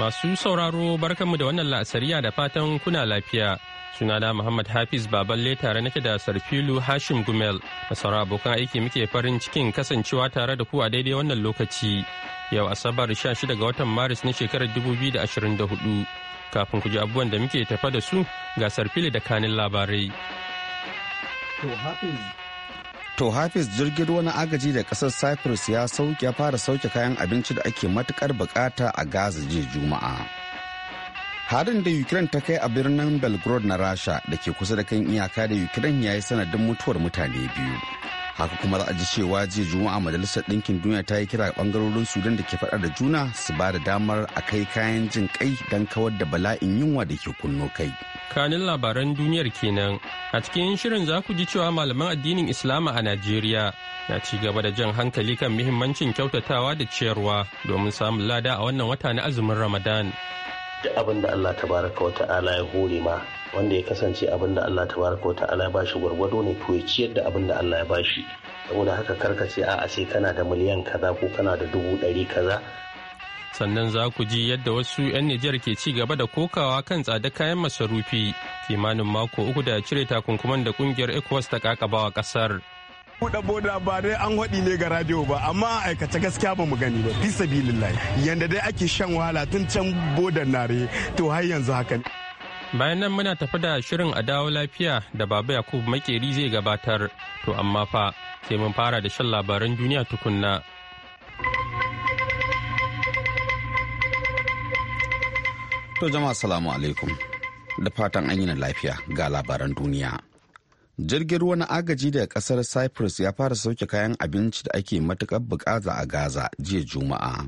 Masu sauraro barkanmu da wannan la'asariya da fatan kuna lafiya. suna Sunana Muhammad Hafiz Baballe tare nake da Sarfilu Hashim Gumel da abokan aiki muke farin cikin kasancewa tare da ku a daidai wannan lokaci. Yau Asabar 16 ga watan Maris na shekarar 2024. Kafin ku ji abubuwan da muke tafa da su ga Sarfilu da kanin labarai. To Hafiz jirgin ruwa na agaji da kasar Cyprus ya sauke ya fara sauke kayan abinci da ake matukar bukata a Gaza jiya Juma'a. Harin da Ukraine ta kai a birnin Belgrade na Rasha da ke kusa da kan iyaka da Ukraine ya yi sanadin mutuwar mutane biyu. haka kuma za ji cewa jiya juma'a majalisar ɗinkin duniya ta yi kira ga ɓangarorin sudan da ke faɗa da juna su ba da damar a kai kayan jin kai don kawar da bala'in yunwa da ke kunno kai kanin labaran duniyar kenan a cikin shirin za ku ji cewa malaman addinin islama a najeriya na ci gaba da jan hankali kan muhimmancin kyautatawa da ciyarwa domin samun lada a wannan wata na azumin ramadan duk abin da Allah ta baraka wa ta'ala ya hore ma wanda ya kasance abin da Allah ta baraka wa ta'ala ya bashi gwargwado ne to ya ciyar da abin da Allah ya bashi saboda haka karka ce a sai kana da miliyan kaza ko kana da dubu ɗari kaza sannan za ku ji yadda wasu 'yan Nijar ke ci gaba da kokawa kan tsada kayan masarufi kimanin mako uku da cire takunkuman da kungiyar ECOWAS ta kakabawa kasar. buɗe boda ba dai an haɗi ne ga radio ba amma aikace gaskiya ba mu gani ba bisa sabilillahi yanda dai ake shan wahala tun can bodan nare to har yanzu haka bayan nan muna tafi da shirin a dawo lafiya da baba yakubu makeri zai gabatar to amma fa sai mun fara da shan labaran duniya tukunna to jama'a salamu alaikum da fatan an yi lafiya ga labaran duniya jirgin ruwa na agaji daga kasar cyprus ya fara sauke kayan abinci da ake matukar bukata a gaza jiya juma'a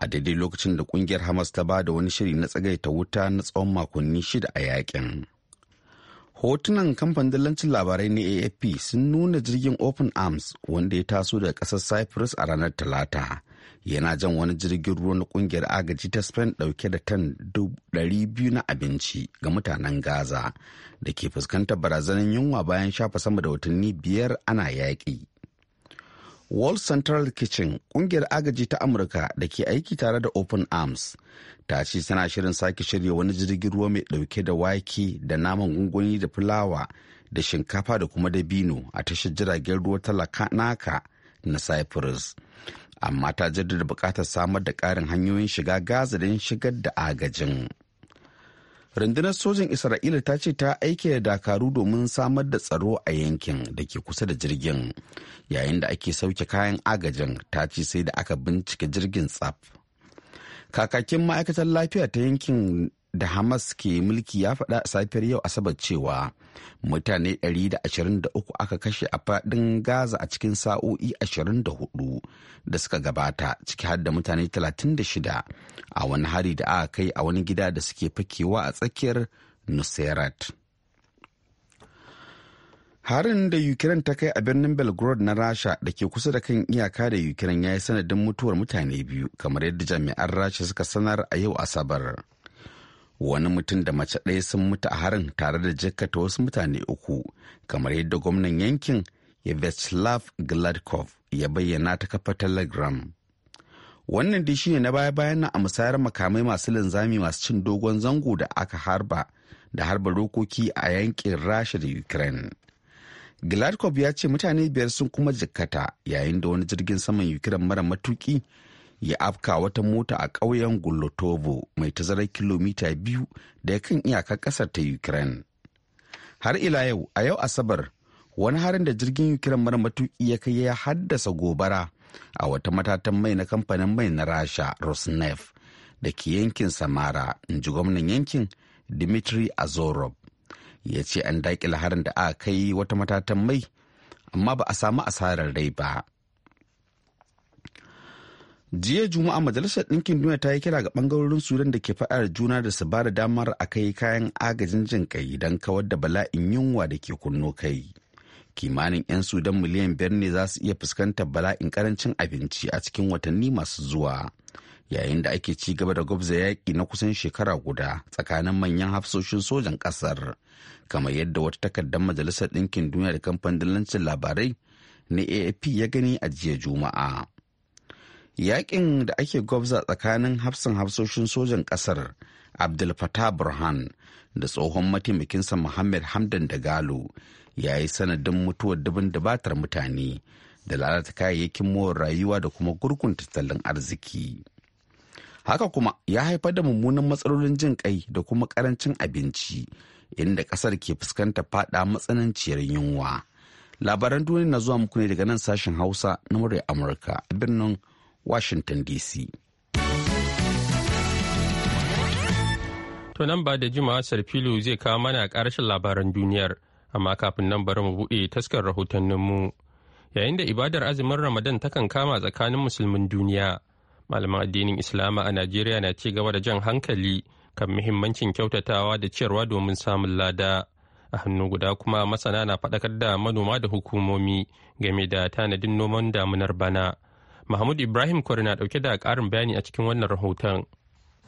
a daidai lokacin da kungiyar hamas ta ba da wani shiri na tsagaita wuta na tsawon makonni shida a yakin hotunan kamfanin dillancin labarai na afp sun nuna jirgin open arms wanda ya taso daga kasar cyprus a ranar talata yana jan wani jirgin ruwa na kungiyar agaji ta spain dauke da tan 200 na abinci ga mutanen gaza da ke fuskantar barazanar yunwa bayan shafa sama da watanni biyar ana yaƙi World Central Kitchen kungiyar agaji ta Amurka da ke aiki tare da Open Arms ta ce tana shirin sake shirya wani jirgin ruwa mai dauke da wake da naman gungunyi da fulawa da shinkafa da kuma dabino a tashar jiragen ruwa ta Lakanaka na Cyprus amma ta jaddada buƙatar samar da ƙarin hanyoyin shiga gaza don shigar da agajin rundunar sojin isra'ila ta ce ta aike da dakaru domin samar da tsaro a yankin da ke kusa da jirgin yayin da ake sauke kayan agajin ta ce sai da aka bincika jirgin tsaf kakakin ma'aikatar lafiya ta yankin da Hamas ke mulki ya faɗa a safiyar yau Asabar cewa mutane 123 aka kashe a faɗin Gaza a cikin sa'o'i 24 da suka gabata ciki har da mutane 36 a wani hari da aka kai a wani gida da suke fakewa a tsakiyar Nusairat. harin da ukraine ta kai a birnin belgrade na rasha da ke kusa da kan iyaka da ukraine ya yi sanadin mutuwar mutane biyu kamar yadda jami'an rasha suka sanar a yau asabar wani mutum da mace ɗaya sun mutu a harin tare da jikkata wasu mutane uku kamar yadda gwamnan yankin Vyacheslav Gladkov ya bayyana ta kafa telegram wannan dai shine na baya-bayan na a musayar makamai masu linzami masu cin dogon zango da aka harba da harba rokoki a yankin rasha da ukraine gladkov ya ce mutane biyar sun kuma jikkata yayin da wani jirgin saman ukraine mara matuki ya afka wata mota a ƙauyen Golotovo mai tazarar kilomita biyu da ya kan iyakar ƙasar ta Ukraine. Har ila yau, a yau Asabar, wani harin da jirgin Ukraine mara matuƙi ya kai ya haddasa gobara a wata matatan mai na kamfanin mai na Rasha rosnef da ke yankin Samara, in ji gwamnan yankin Dmitry Azorov. Ya ce an daƙila harin da aka kai wata matatan mai, amma ba a samu asarar rai ba. jiya juma'a majalisar ɗinkin duniya ta yi kira ga ɓangarorin sudan da ke faɗar juna da su ba da damar a kai kayan agajin jin kai don kawar da bala'in yunwa da ke kunno kai kimanin 'yan sudan miliyan biyar ne za su iya fuskantar bala'in karancin abinci a cikin watanni masu zuwa yayin da ake ci gaba da gwabza yaƙi na kusan shekara guda tsakanin manyan hafsoshin sojan ƙasar kamar yadda wata takardar majalisar ɗinkin duniya da kamfanin labarai na afp ya gani a jiya juma'a yakin da ake gwabza tsakanin hafsan hafsoshin sojan kasar abdul fatah burhan da tsohon mataimakinsa muhammad hamdan da galo ya yi sanadin mutuwar dubin dubatar mutane da lalata kayayyakin mowar rayuwa da kuma gurgun tattalin arziki haka kuma ya haifar da mummunan matsalolin jin kai da kuma karancin abinci inda kasar ke fuskanta fada matsananciyar yunwa labaran duniya na zuwa muku ne daga nan sashen hausa na murya amurka a birnin Washington DC. To nan ba da Juma'a Sarfilu zai kawo mana ƙarshen labaran duniyar, amma kafin nan bari mu buɗe taskar rahotanninmu. Yayin da ibadar azumin Ramadan takan kama tsakanin musulmin duniya, malaman addinin Islama a Najeriya na ci gaba da jan hankali kan muhimmancin kyautatawa da ciyarwa domin samun lada. A hannu guda kuma masana na faɗakar da manoma da hukumomi game da tanadin noman damunar bana. Mahmud Ibrahim Kwari na ɗauke da karin bayani a cikin wannan rahoton.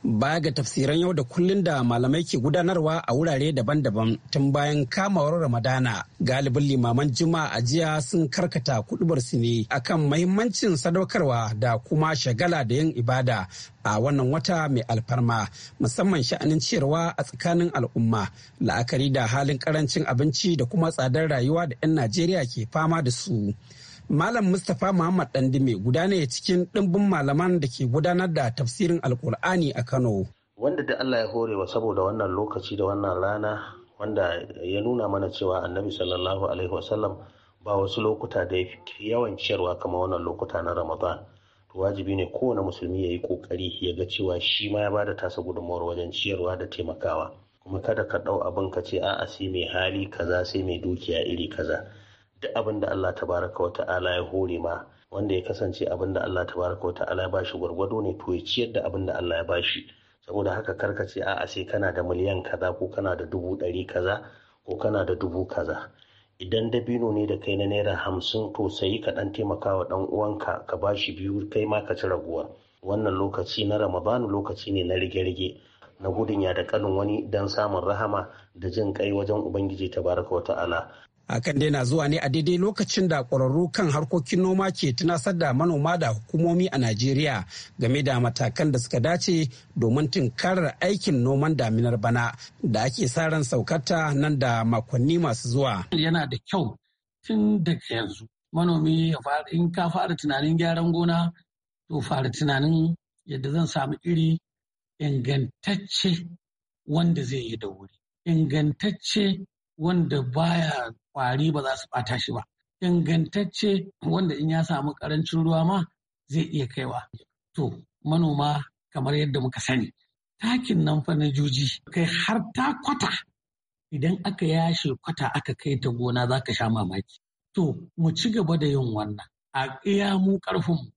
Baya ga tafsiran yau da kullun da malamai ke gudanarwa a wurare daban-daban tun bayan kamawar Ramadana, galibin limaman juma'a a jiya sun karkata kudubarsu ne akan mahimmancin sadaukarwa da kuma shagala da yin ibada a wannan wata mai alfarma musamman sha'anin ciyarwa a tsakanin al'umma la'akari da halin karancin abinci da kuma tsadar rayuwa da 'yan Najeriya ke fama da su. Malam Mustapha Muhammad Dandime guda ne cikin ɗimbin malaman da ke gudanar da tafsirin Alkur'ani a Kano. Wanda da Allah ya horewa saboda wannan lokaci da wannan rana wanda ya nuna mana cewa annabi sallallahu alaihi wasallam ba wasu lokuta da yawan ciyarwa kamar wannan lokuta na Ramadan. Wajibi ne kowane musulmi ya yi ƙoƙari ya ga cewa shi ma ya bada tasa gudunmawar wajen ciyarwa da taimakawa. Kuma kada ka ɗau abin ka ce a'a sai mai hali kaza sai mai dukiya iri kaza. duk abin da Allah tabaraka wa ta'ala ya hore ma wanda ya kasance abin da Allah tabaraka wa ta'ala ya bashi gwargwado ne to ya ciyar da abin da Allah ya bashi saboda haka kar ka ce a'a sai kana da miliyan kaza ko kana da dubu ɗari kaza ko kana da dubu kaza idan dabino ne da kai na naira hamsin to sai ka ɗan taimaka wa ɗan uwanka ka bashi biyu kai ma ka ci raguwa wannan lokaci na ramadan lokaci ne na rige-rige na gudun ya da kanin wani dan samun rahama da jin kai wajen ubangiji tabaraka wa ta'ala akan dai na zuwa ne a daidai lokacin da ƙwararru kan harkokin noma ke tunasar da manoma da hukumomi a Najeriya game da matakan da suka dace domin tunkarar aikin noman daminar bana da ake sa ran saukata nan da makonni masu zuwa. Yana da kyau tun daga yanzu manomi in ka fara tunanin gyaran gona to fara tunanin yadda zan samu iri ingantacce wanda zai yi da wuri. Ingantacce wanda baya kwari ba za su ɓata shi ba. Ingantacce wanda in ya samu ƙarancin ruwa ma zai iya kaiwa. To manoma kamar yadda muka sani. Takin nan fa na juji kai har ta kwata idan aka yashe kwata aka kai ta gona za ka sha mamaki. To mu ci gaba da yin wannan a iya mu ƙarfin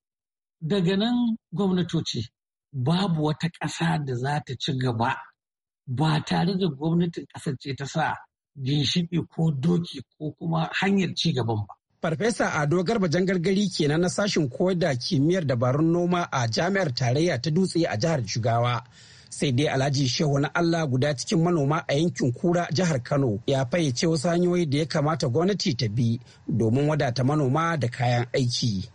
daga nan gwamnatoci babu wata ƙasa da za ta ci gaba ba tare da gwamnatin ƙasar ce ta sa ginshiƙi ko doki ko kuma hanyar ci gaban ba. Farfesa Ado Garba Jangargari kenan na sashin koyar da kimiyyar dabarun noma a jami'ar tarayya ta dutse a jihar Jigawa. sai dai alhaji shehu na allah guda cikin manoma a yankin kura jihar kano ya fayyace wasu hanyoyi da ya kamata gwamnati ta bi domin wadata manoma da kayan aiki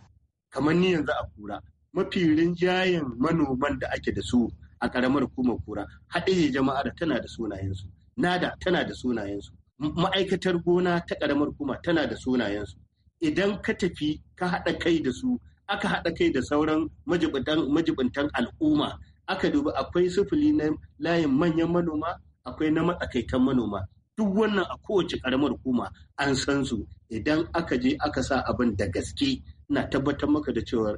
kamar ni yanzu a kura mafi rinjayen manoman da ake da su a karamar kuma kura haɗe jama'ar tana da sunayensu nada tana da sunayensu ma'aikatar gona ta ƙaramar kuma tana da sunayensu idan ka tafi ka haɗa kai da su aka haɗa kai da sauran majibintan al'umma aka dubi akwai sufuli na layin manyan manoma akwai na matsakaitan manoma duk wannan a kowace ƙaramar kuma an san su idan aka je aka sa abin da gaske na tabbatar maka da cewa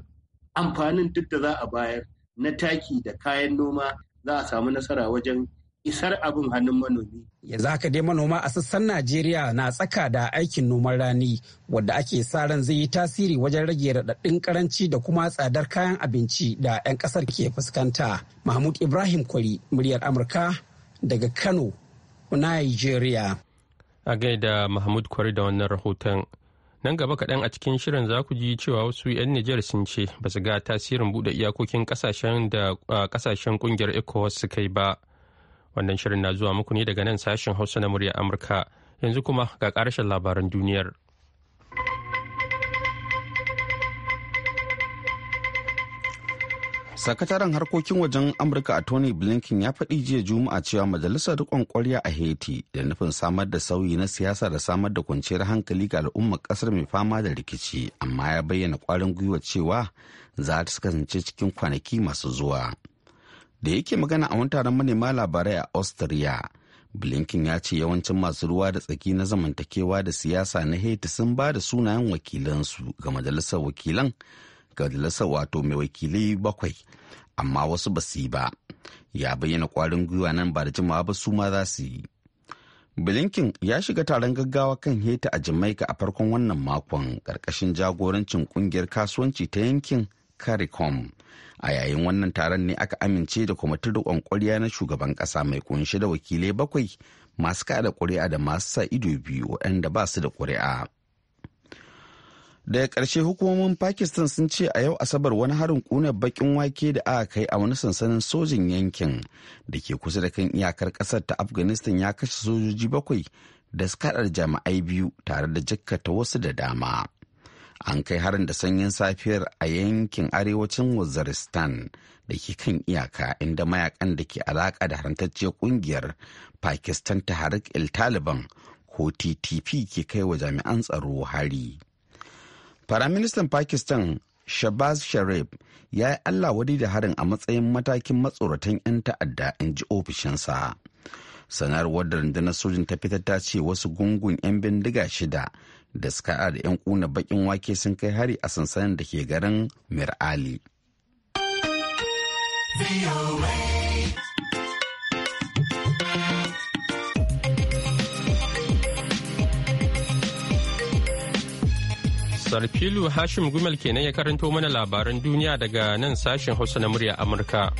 amfanin duk da za a bayar na taki da kayan noma za a samu nasara wajen isar abin hannun manomi. Yanzu ka dai manoma a sassan Najeriya na tsaka da aikin noman rani wadda ake sa ran zai yi tasiri wajen rage raɗaɗɗin karanci da kuma tsadar kayan abinci da 'yan ƙasar ke fuskanta. Mahmud Ibrahim Kwari, muryar Amurka daga Kano, Nigeria. A gaida Mahmud Kwari da wannan rahoton. Nan gaba kaɗan a cikin shirin za ku ji cewa wasu 'yan Nijar sun ce ba su ga tasirin buɗe iyakokin ƙasashen ƙungiyar ECOWAS suka yi ba. Wannan shirin na zuwa muku ne daga nan sashen Hausa na murya Amurka. Yanzu kuma ga karshen labaran duniyar. Sakataren harkokin wajen Amurka a Tony Blinken ya faɗi jiya Juma'a cewa majalisar rikon kwarya a Haiti da nufin samar da sauyi na siyasa da samar da kwanciyar hankali ga al'ummar kasar mai fama da rikici, amma ya bayyana kwarin gwiwa cewa za ta kasance cikin kwanaki masu zuwa. da yake magana a wani taron manema labarai a austria blinken ya ce yawancin masu ruwa da tsaki na zamantakewa da siyasa na haiti sun ba da sunayen wakilansu ga majalisar wakilan ga majalisar wato mai wakilai bakwai amma wasu ba su yi ba ya bayyana kwarin gwiwa nan ba da jimawa ba su ma za su yi blinken ya shiga taron gaggawa kan haiti a jamaica a farkon wannan makon ƙarƙashin jagorancin ƙungiyar kasuwanci ta yankin caricom a yayin wannan taron ne aka amince da kwamitin riƙon ƙwarya na shugaban ƙasa mai kunshi da wakilai bakwai masu kada ƙuri'a da masu sa ido biyu waɗanda ba su da ƙuri'a daga ƙarshe hukumomin pakistan sun ce a yau asabar wani harin ƙunar baƙin wake da aka kai a wani sansanin sojin yankin da ke kusa da kan iyakar ƙasar ta afghanistan ya kashe sojoji bakwai da suka jami'ai biyu tare da jikkata wasu da dama an kai harin da sanyin safiyar a yankin arewacin waziristan da ke kan iyaka inda mayakan da ke alaka da harantacciyar ƙungiyar pakistan harik il taliban ko ttp ke kai wa jami'an tsaro hari Faraministan pakistan shabaz sharif ya yi allah wadi da harin a matsayin matakin matsoratan 'yan ta'adda in ji ofishinsa sanarwar da rundunar sojin ta fitar ta ce wasu gungun 'yan bindiga shida da suka da 'yan kuna bakin wake sun kai hari a sansanin da ke garin mir'ali sarfilu hashim gumel kenan ya karanto mana labaran duniya daga nan sashen hausa na murya amurka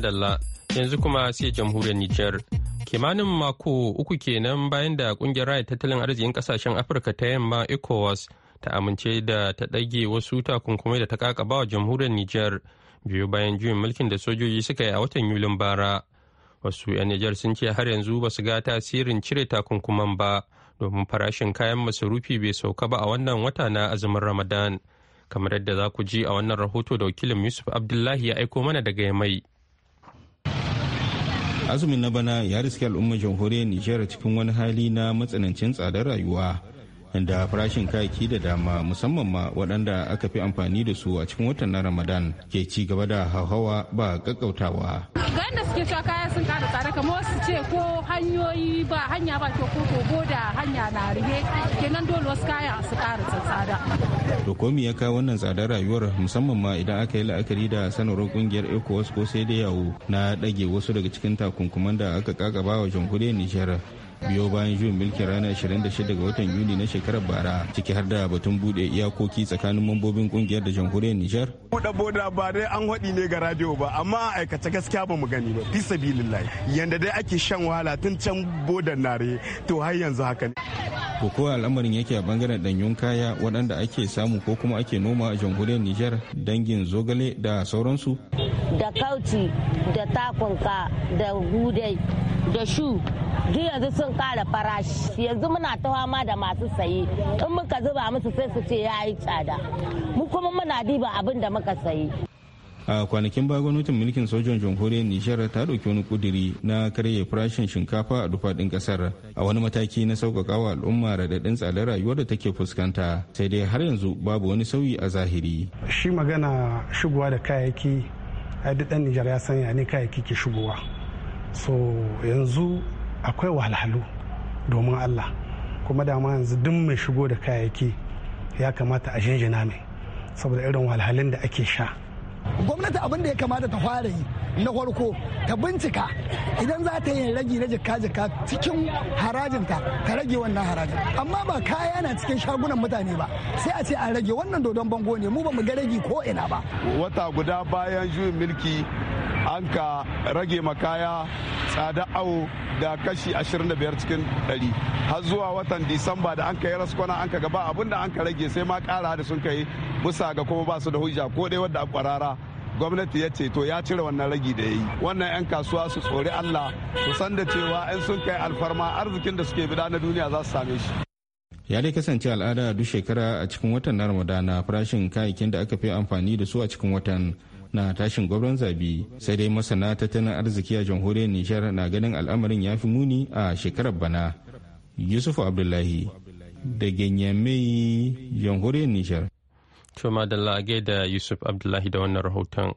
dalla yanzu kuma sai jamhuriyar Nijar. Kimanin mako uku kenan bayan da kungiyar raya tattalin arzikin kasashen Afirka ta yamma ECOWAS ta amince da ta ɗage wasu takunkumai da ta kakaba wa jamhuriyar Nijar biyu bayan juyin mulkin da sojoji suka yi a watan Yulin bara. Wasu 'yan Nijar sun ce har yanzu ba su ga tasirin cire takunkuman ba domin farashin kayan masarufi bai sauka ba a wannan wata na azumin Ramadan. Kamar yadda za ku ji a wannan rahoto da wakilin Yusuf Abdullahi ya aiko mana daga Yamai. azumin na bana ya riske al'ummar jamhuriyar nijar cikin wani hali na matsanancin tsadar rayuwa da farashin kayaki da dama musamman ma waɗanda aka fi amfani da su a cikin watan na ramadan ke ci gaba da hauhawa ba kakkautawa ga yadda suke cewa kaya sun kara tsada kamar wasu ce ko hanyoyi ba hanya ba ko ko da hanya na rige kenan dole wasu kaya su kara tsada to komi ya kawo wannan tsadar rayuwar musamman ma idan aka yi la'akari da sanarwar kungiyar ecowas ko sai da yawo na dage wasu daga cikin takunkuman da aka kakaba wa jamhuriyar nijar biyo bayan juyin mulkin ranar 26 ga watan yuni na shekarar bara ciki har da batun bude iyakoki tsakanin mambobin kungiyar da jamhuriyar nijar buɗe boda ba dai an haɗi ne ga radio ba amma a aikace gaskiya ba mu gani ba fi sabilillahi yanda dai ake shan wahala tun can bodan nare to har yanzu haka ne ko kowa al'amarin yake a bangaren danyun kaya waɗanda ake samu ko kuma ake noma a jamhuriyar Nijar dangin zogale da sauransu? Da kauci da takonka da gudai da shu duk yanzu sun kara farashi yanzu muna ta fama da masu saye in muka zuba musu sai su ce ya yi tsada mu kuma muna diba abin da muka saye a kwanakin baya gwamnatin mulkin sojan jamhuriyar nijar ta dauki wani kuduri na karya farashin shinkafa a dufaɗin kasar a wani mataki na wa al'umma raɗaɗin tsadar rayuwar da take fuskanta sai dai har yanzu babu wani sauyi a zahiri shi magana shigowa da kayayyaki a duk ɗan nijar ya sanya ne kayayyaki ke shigowa so yanzu akwai wahalhalu domin allah kuma dama yanzu duk mai shigo da kayayyaki ya kamata a jinjina mai saboda irin wahalhalun da ake sha gwamnati abin da ya kamata ta fara yi na farko ta bincika idan za ta yi ragi na jika-jika cikin harajinta ta rage wannan harajin amma ba kaya na cikin shagunan mutane ba sai a ce an rage wannan dodon bango ne mu ba mu ga ragi ko ina ba wata guda bayan juyin mulki hanka rage makaya tsada awo da kashi 25 cikin 100 har zuwa watan disamba da an kai raskwana an ka gaba abin da an ka rage sai ma kara da sun kai bisa ga kuma ba su da hujja ko dai wadda a kwarara gwamnati ya ce to ya cire wannan ragi da ya yi wannan 'yan kasuwa su tsori allah su san da cewa 'yan sun kai alfarma arzikin da suke bida na duniya za su same shi ya dai kasance al'ada duk shekara a cikin watan na ramadana farashin kayayyakin da aka fi amfani da su a cikin watan na tashin gwamnan zabi sai dai masana tattalin arziki a jamhuriyar nijar na ganin al'amarin ya fi muni a shekarar bana yusufu abdullahi da ganyamai jamhuriyar nijar to madalla da yusuf abdullahi da wannan rahoton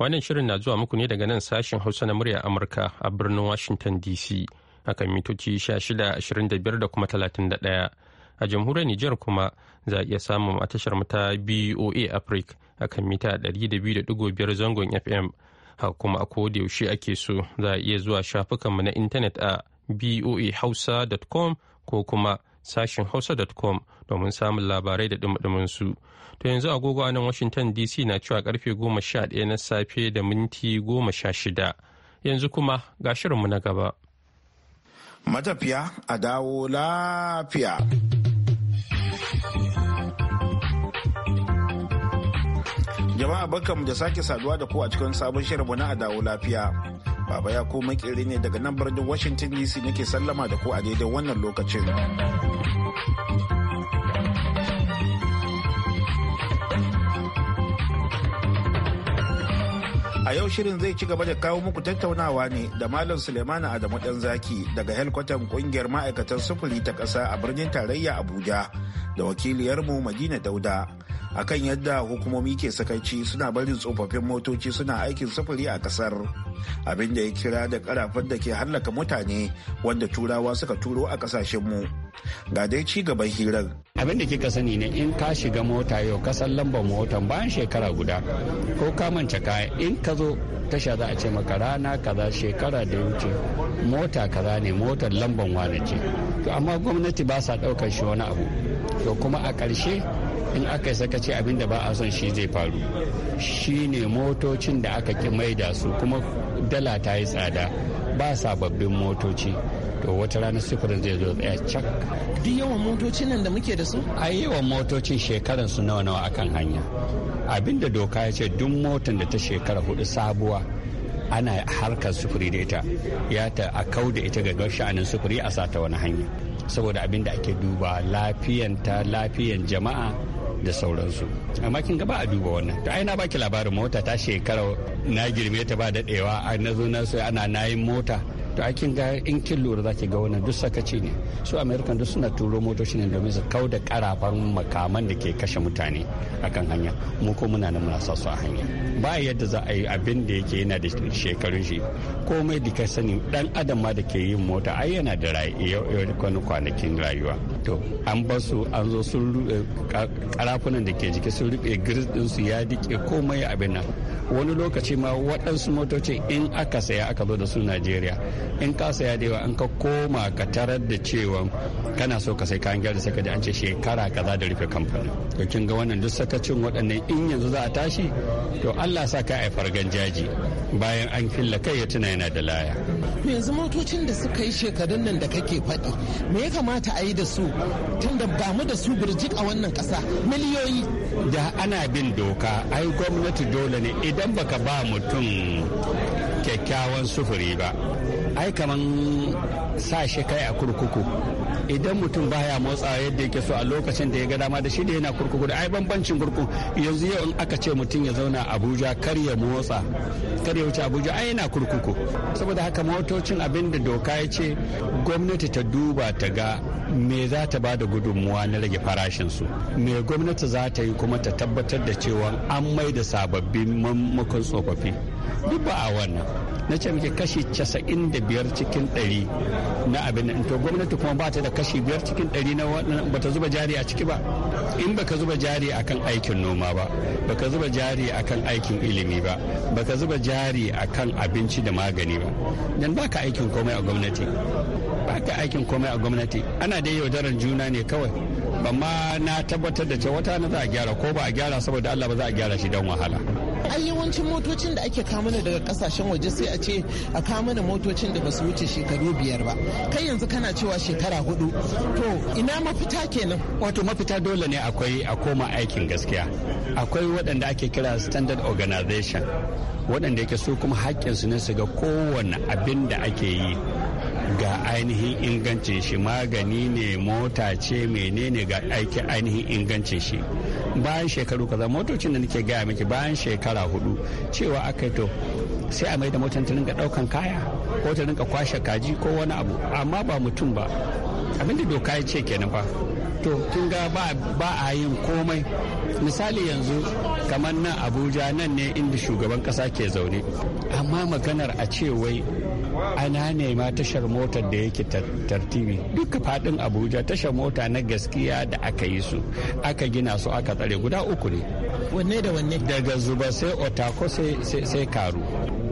wannan shirin na zuwa muku ne daga nan sashen hausa na murya amurka a birnin washington dc akan mitoci ashirin da kuma talatin daya a jamhuriyar Nijar kuma za a iya samun a tashar mata BOA Africa akan mita 200.5 zangon FM. a kuma a yaushe ake so za a iya zuwa shafukanmu na intanet a boahausa.com ko kuma sashin hausa.com domin samun labarai da dumadumin su. To yanzu agogo a nan Washington DC na cewa karfe 11 na safe da minti 16. Yanzu kuma ga shirinmu na gaba. Matafiya a dawo lafiya. Jama'a barkamu da sake saduwa da ku a cikin sabon shirin mu na adawo lafiya. Baba ya ko makeri ne daga nan birnin Washington DC nake sallama da ku a daidai wannan lokacin. A yau shirin zai ci gaba da kawo muku tattaunawa ne da Malam Suleiman Adamu ɗan zaki daga helkwatan kungiyar ma'aikatan sufuri ta ƙasa a birnin tarayya Abuja da wakiliyarmu Madina Dauda akan yadda hukumomi ke sakaici suna barin tsofaffin motoci suna aikin sufuri a kasar abin da ya kira da karafan da ke hallaka mutane wanda turawa suka turo a kasashenmu ga dai ci gaban hirar abin da kika sani ne in ka shiga mota yau ka san lambar motan bayan shekara guda ko ka manta kaya in ka zo tasha za a ce maka rana kaza shekara da wuce mota kaza ne motar lambar wane ce amma gwamnati ba sa daukar shi wani abu to kuma a ƙarshe in aka sakaci abin da ba a son shi zai faru shine motocin da aka ki maida su kuma dala ta yi tsada ba sababbin motoci to wata rana sufurin zai zo tsaya cak duk yawan motocin nan da muke da su a yawan motocin shekaran su nawa nawa akan hanya abinda doka ya ce duk motan da ta shekara hudu sabuwa ana harkar sufuri da ita ya ta a kau da ita ga sha'anin sufuri a sata wani hanya saboda abinda da ake duba lafiyanta lafiyan jama'a da sauransu amma kin gaba a duba wannan to ai na baki labarin mota ta shekara na girme ta ba daɗewa na zo na ana nayin mota to a kin ga in kin lura zaki ga wannan duk sakaci ne su american duk suna turo motoci ne domin su kau da karafan makaman da ke kashe mutane akan hanya mu ko muna nan muna sa a hanya ba yadda za a yi abin da yake yana da shekarun shi komai da ka sani dan adam ma da ke yin mota ai yana da kwanakin rayuwa to an ba su an zo sun karafunan da ke jiki sun rufe din su ya dike komai abin nan wani lokaci ma waɗansu motoci in aka saya aka zo da su najeriya in ka ya da yawa in ka koma ka tarar da cewa kana so ka sai kayan gyara saka da an ce shekara kaza da rufe kamfanin to kin ga wannan duk sakacin waɗannan in yanzu za a tashi to Allah sa ka ai fargan jaji bayan an killa kai ya tuna yana da laya yanzu motocin da suka yi shekarun nan da kake faɗi me ya kamata a yi da su tunda ba mu da su birjik a wannan ƙasa miliyoyi da ana bin doka ai gwamnati dole ne idan baka ba mutum kyakkyawan sufuri ba ai kaman sa shi kai a kurkuku idan mutum baya motsa yadda yake so a lokacin da ya ga dama da shi da yana kurkuku da ai bambancin kurkuku yanzu yau in aka ce mutum ya zauna abuja kar ya motsa kar ya wuce abuja ai yana kurkuku saboda haka motocin abin da doka ya ce gwamnati ta duba ta ga me za ta ba da gudunmuwa na rage farashin su me gwamnati za ta yi kuma ta tabbatar da cewa an mai da sababbin mamakon tsofaffi duk ba a wannan na ce muke kashi 95 cikin 100 na abin to gwamnati kuma ba ta da kashi 5 cikin 100 na wannan ba ta zuba jari a ciki ba in baka zuba jari akan aikin noma ba baka zuba jari akan aikin ilimi ba baka zuba jari akan abinci da magani ba dan baka aikin komai a gwamnati baka aikin komai a gwamnati ana da yaudarar juna ne kawai ma na tabbatar da cewa wata na za a gyara ko ba a gyara saboda Allah ba za a gyara shi don wahala ai yawancin motocin da ake kawo daga kasashen waje sai a ce a kawo mana motocin da basu wuce shekaru biyar ba kai yanzu kana cewa shekara hudu to ina mafita kenan wato mafita dole ne akwai a koma aikin gaskiya akwai waɗanda ake kira standard organization waɗanda yake su kuma haƙƙinsu ne su ga kowane abin da ake yi ga ainihin ingancin shi magani ne mota ce menene ga aiki ainihin ingancin shi bayan shekaru kaza motocin da nake gaya miki bayan shekara hudu cewa aka to sai a mai da motan ta rinka daukan kaya ko ta rinka kwashe kaji ko wani abu amma ba mutum ba abinda doka ya ce kenan fa to kin ga ba a yin komai misali yanzu kamar nan abuja nan ne inda shugaban kasa ke zaune amma maganar a ce wai ana nema tashar motar da yake tartibi duka fadin abuja tashar mota na gaskiya da aka yi su aka gina su aka tsare guda uku ne wanne da wanne daga zuba sai otako sai karu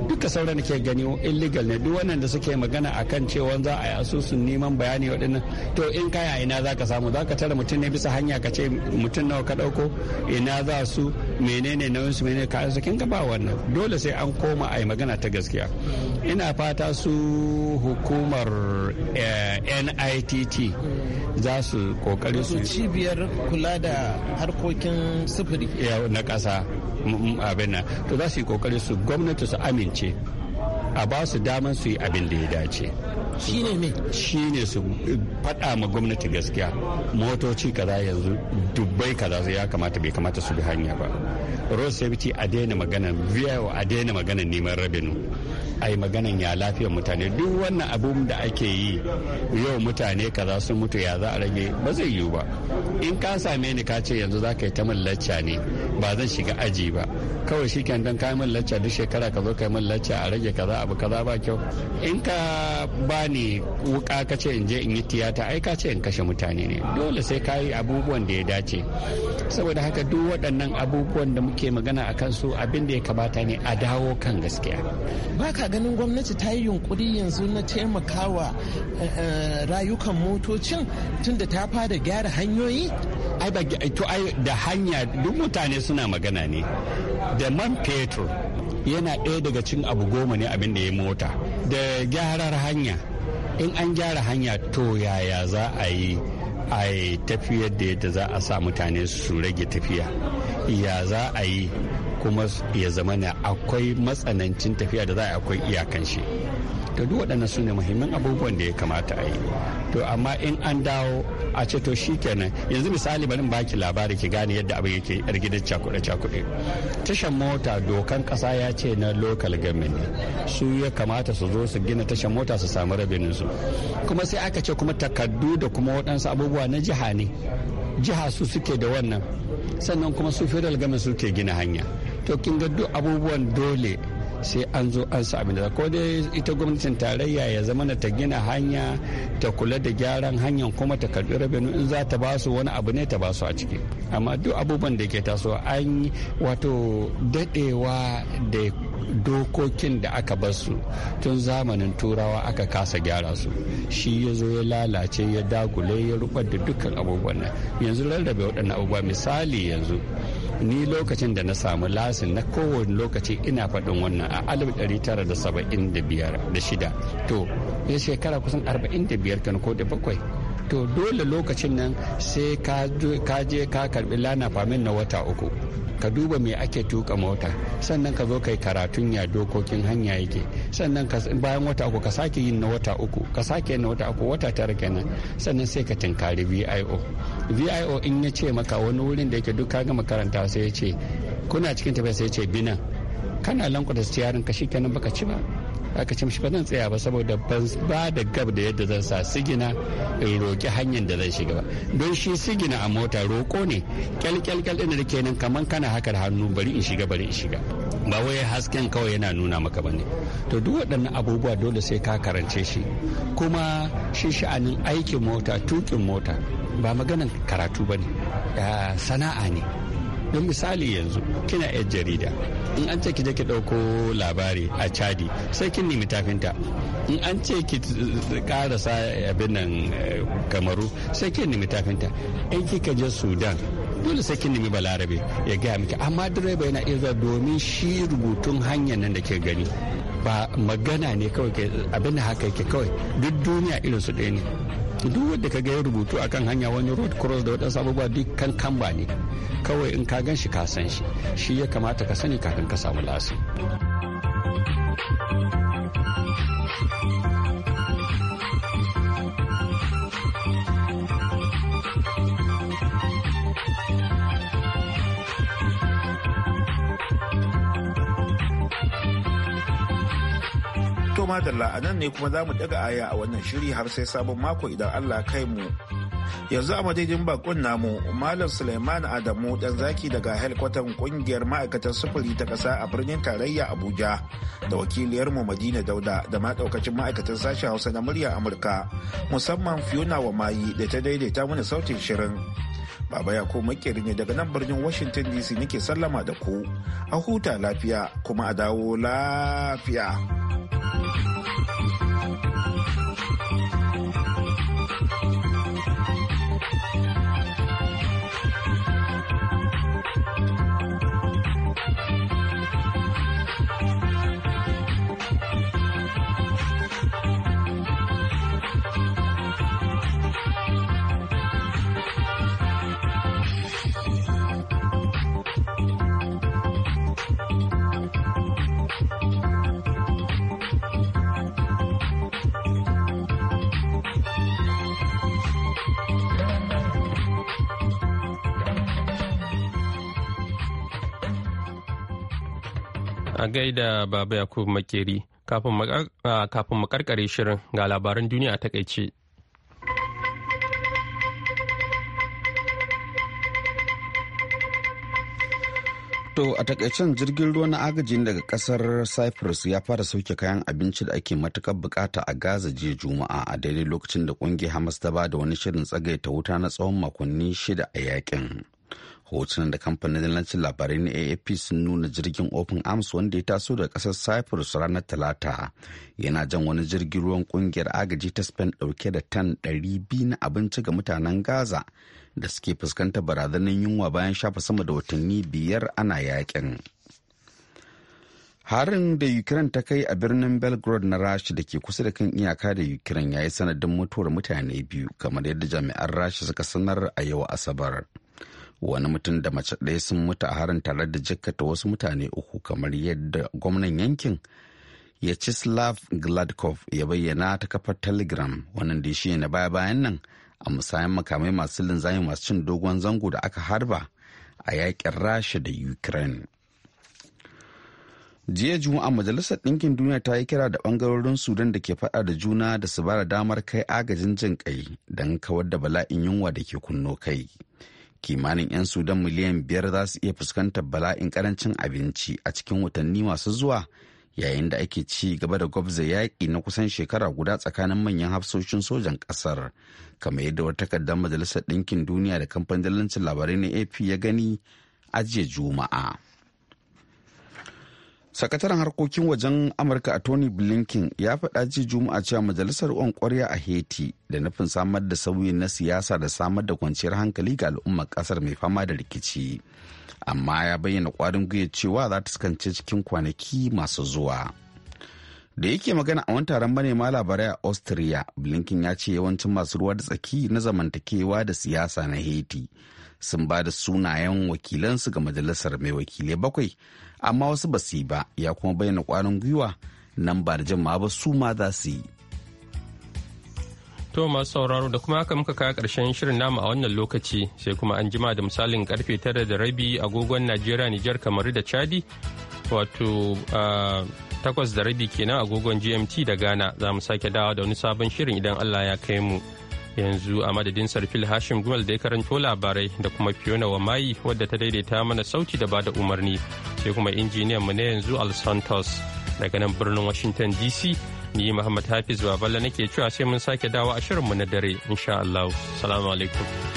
duka sauran ke gani illegal ne duk wannan da suke magana akan cewa za a yi asusun neman bayani waɗannan to in kaya ina za ka samu za ka tara mutum ne bisa hanya ka ce mutum nawa ka ɗauko ina za su menene nauyin su menene kayan su kin ba wannan dole sai an koma a yi magana ta gaskiya ina fata su hukumar eh, nitt za su kokari su cibiyar kula da harkokin sufuri na kasa abin nan to za su yi kokari su gwamnati su amince a ba su daman su yi abin da ya dace shine me shine su faɗa ma gwamnati gaskiya motoci kaza yanzu dubbai kaza ya kamata bai kamata su bi hanya ba road safety a daina magana vio a daina magana neman rabinu a yi magana ya lafiyar mutane duk wannan abun da ake yi yau mutane kaza sun mutu ya za a rage ba zai yiwu ba in ka same ni ka ce yanzu za ka yi ta min lacca ne ba zan shiga aji ba kawai shi don ka min lacca duk shekara ka zo ka yi min lacca a rage kaza abu kaza ba kyau in ka ba ni wuka ka ce in je in yi tiyata ai ka ce in kashe mutane ne dole sai ka yi abubuwan da ya dace saboda haka duk waɗannan abubuwan da muke magana a su abin da ya kamata ne a dawo kan gaskiya ba ka ganin gwamnati ta yi yunkuri yanzu na taimakawa eh, eh, rayukan motocin tunda ta fara gyara hanyoyi ai da hanya duk mutane suna magana ne da man fetur yana ɗaya daga cin abu goma ne abin da ya mota da gyarar hanya in an gyara hanya to yaya za a yi a tafiyar da yadda za a sa mutane su rage tafiya ya za a yi kuma ya zama na akwai matsanancin tafiya da za a akwai iyakan shi to duk waɗannan su ne muhimman abubuwan da ya kamata a yi to amma in an dawo a ce to shi kenan yanzu misali bari baki labari ki gane yadda abin yake yar gidan cakuɗe cakuɗe tashan mota dokan ƙasa ya ce na local government su ya kamata su zo su gina tashan mota su samu rabinin su kuma sai aka ce kuma takardu da kuma waɗansu abubuwa na jiha ne jiha su suke da wannan sannan kuma su federal government suke gina hanya to kin ga duk abubuwan dole sai an zo an sa abin da ko dai ita gwamnatin tarayya ya zama na ta gina hanya ta kula da gyaran hanyar kuma ta karbi rabinu in za ta basu wani abu ne ta basu a ciki amma duk abubuwan da ke taso an yi wato dadewa da dokokin da aka basu tun zamanin turawa aka kasa gyara su shi ya zo ya lalace ya dagule ya rubar da dukkan abubuwan nan yanzu rarrabe waɗannan abubuwa misali yanzu ni lokacin da na samu lasin na kowane lokaci ina faɗin wannan a 1975 da shida to ya shekara kusan 45 kan ko da bakwai to dole lokacin nan sai ka je ka karbi lana famin na wata uku ka duba me ake tuka mota sannan ka zo kai karatun ya dokokin hanya yake sannan bayan wata uku ka sake yin na wata uku ka sake na wata uku wata tara kenan sannan sai ka tinkari vio vio in ya ce maka wani wurin da yake duk ka gama karanta sai ya ce kuna cikin tafiya sai ya ce binan kana lankwata siyarin ka kenan baka ci ba aka ce mashi ba zan tsaya ba saboda ban ba da gab da yadda zan sa sigina in roƙi hanyar da zan shiga ba don shi sigina a mota roƙo ne kyalkyalkyal ɗin da ke nan kaman kana haka da hannu bari in shiga bari in shiga ba wai hasken kawai yana nuna maka bane to duk waɗannan abubuwa dole sai ka karance shi kuma shi sha'anin aikin mota tukin mota ba maganan karatu bane ah, sana'a ne don misali yanzu kina yan jarida in an ce ki je ki ɗauko labari a chadi sai kin nemi tafinta in an ce ki karasa abin nan eh, kamaru sai kin nemi tafinta in kika je sudan dole sai kin nemi balarabe ya gaya miki amma direba yana iya domin shi rubutun hanyar nan da ke gani ba magana ne kawai abin da haka yake kawai duk duniya irin su ɗaya ne duk wanda ka ga ya rubutu akan hanya wani road cross da wadansu abubuwa duk kan kamba ne kawai in ka gan shi ka san shi shi ya kamata ka sani kafin ka samu lasi. ma da la'anan ne kuma za mu daga aya a wannan shiri har sai sabon mako idan Allah kai mu. Yanzu a madadin bakon namu Malam Suleiman Adamu dan zaki daga helkwatan kungiyar ma'aikatan sufuri ta kasa a birnin tarayya Abuja da wakiliyar mu Madina Dauda da ma daukacin ma'aikatan sashen Hausa na murya Amurka musamman Fiona wa mayi da ta daidaita mana sautin shirin. Baba ya ko makeri ne daga nan birnin Washington DC nake sallama da ku. A huta lafiya kuma a dawo lafiya. A gaida Baba Yakubu Makeri, kafin mu karkare shirin ga labaran duniya a takaice. To a takaicen jirgin ruwa na agajin daga kasar Cyprus ya fara sauke kayan abinci da ake matukar bukata a Gaza jiya Juma'a a daidai lokacin da kungiyar Hamas ta ba da wani shirin tsagaita wuta na tsawon makonni shida a yakin. hotunan da kamfanin dalancin labarai na afp sun nuna jirgin open arms wanda ya taso daga kasar cyprus ranar talata yana jan wani jirgin ruwan kungiyar agaji ta spain dauke da tan 200 na abinci ga mutanen gaza da suke fuskantar barazanar yunwa bayan shafa sama da watanni biyar ana yakin harin da ukraine ta kai a birnin belgrade na rasha da ke kusa da kan iyaka da ukraine ya yi sanadin mutuwar mutane biyu kamar yadda jami'an rasha suka sanar a yau asabar wani mutum da mace ɗaya sun mutu a harin tare da jikkata wasu mutane uku kamar yadda gwamnan yankin ya ci slav Gladkov ya bayyana ta kafar Telegram wannan da shi na baya bayan nan a musayan makamai masu linzami masu cin dogon zango da aka harba a yakin Rasha da Ukraine. Jiya Juma'a Majalisar Ɗinkin Duniya ta yi kira da ɓangarorin Sudan da ke faɗa da juna da su bada damar kai agajin jin kai don kawar da bala'in yunwa da ke kunno kai. kimanin 'yan sudan miliyan biyar za su iya fuskantar bala'in karancin abinci a cikin watanni masu zuwa yayin da ake ci gaba da gwabza yaƙi na kusan shekara guda tsakanin manyan hafsoshin sojan ƙasar kamar yadda wata takardar majalisar ɗinkin duniya da kamfanin labarai na ap ya gani a juma'a sakataren harkokin wajen amurka a tony blinken ya faɗa ji juma'a cewa majalisar on kwarya a haiti da nufin samar da sauyi na siyasa da samar da kwanciyar hankali ga al'ummar ƙasar mai fama da rikici amma ya bayyana ƙwarin gwiwa cewa za ta skance cikin kwanaki masu zuwa da yake magana a wani taron manema labarai a austria blinken ya ce yawancin masu ruwa da tsaki na zamantakewa da siyasa na haiti sun ba da sunayen wakilansu ga majalisar mai wakilai bakwai amma wasu ba su yi ba ya kuma bayyana kwanan gwiwa nan ba da jama'a ba su ma za su yi To masu sauraro da kuma haka muka kawo karshen shirin namu a wannan lokaci sai kuma an jima da misalin karfe tara da rabi agogon Najeriya Nijar kamaru da Chadi wato takwas da rabi kenan agogon GMT da Ghana za mu sake dawa da wani sabon shirin idan Allah ya kai mu. yanzu a madadin sarfil hashim gumal da ya karanto labarai da kuma fiona wa mayi wadda ta daidaita mana sauti da bada umarni sai kuma injiniyan mu na yanzu al santos daga nan birnin washington dc ni muhammad hafiz baballa nake cewa sai mun sake dawo a shirinmu na dare insha allahu salamu alaikum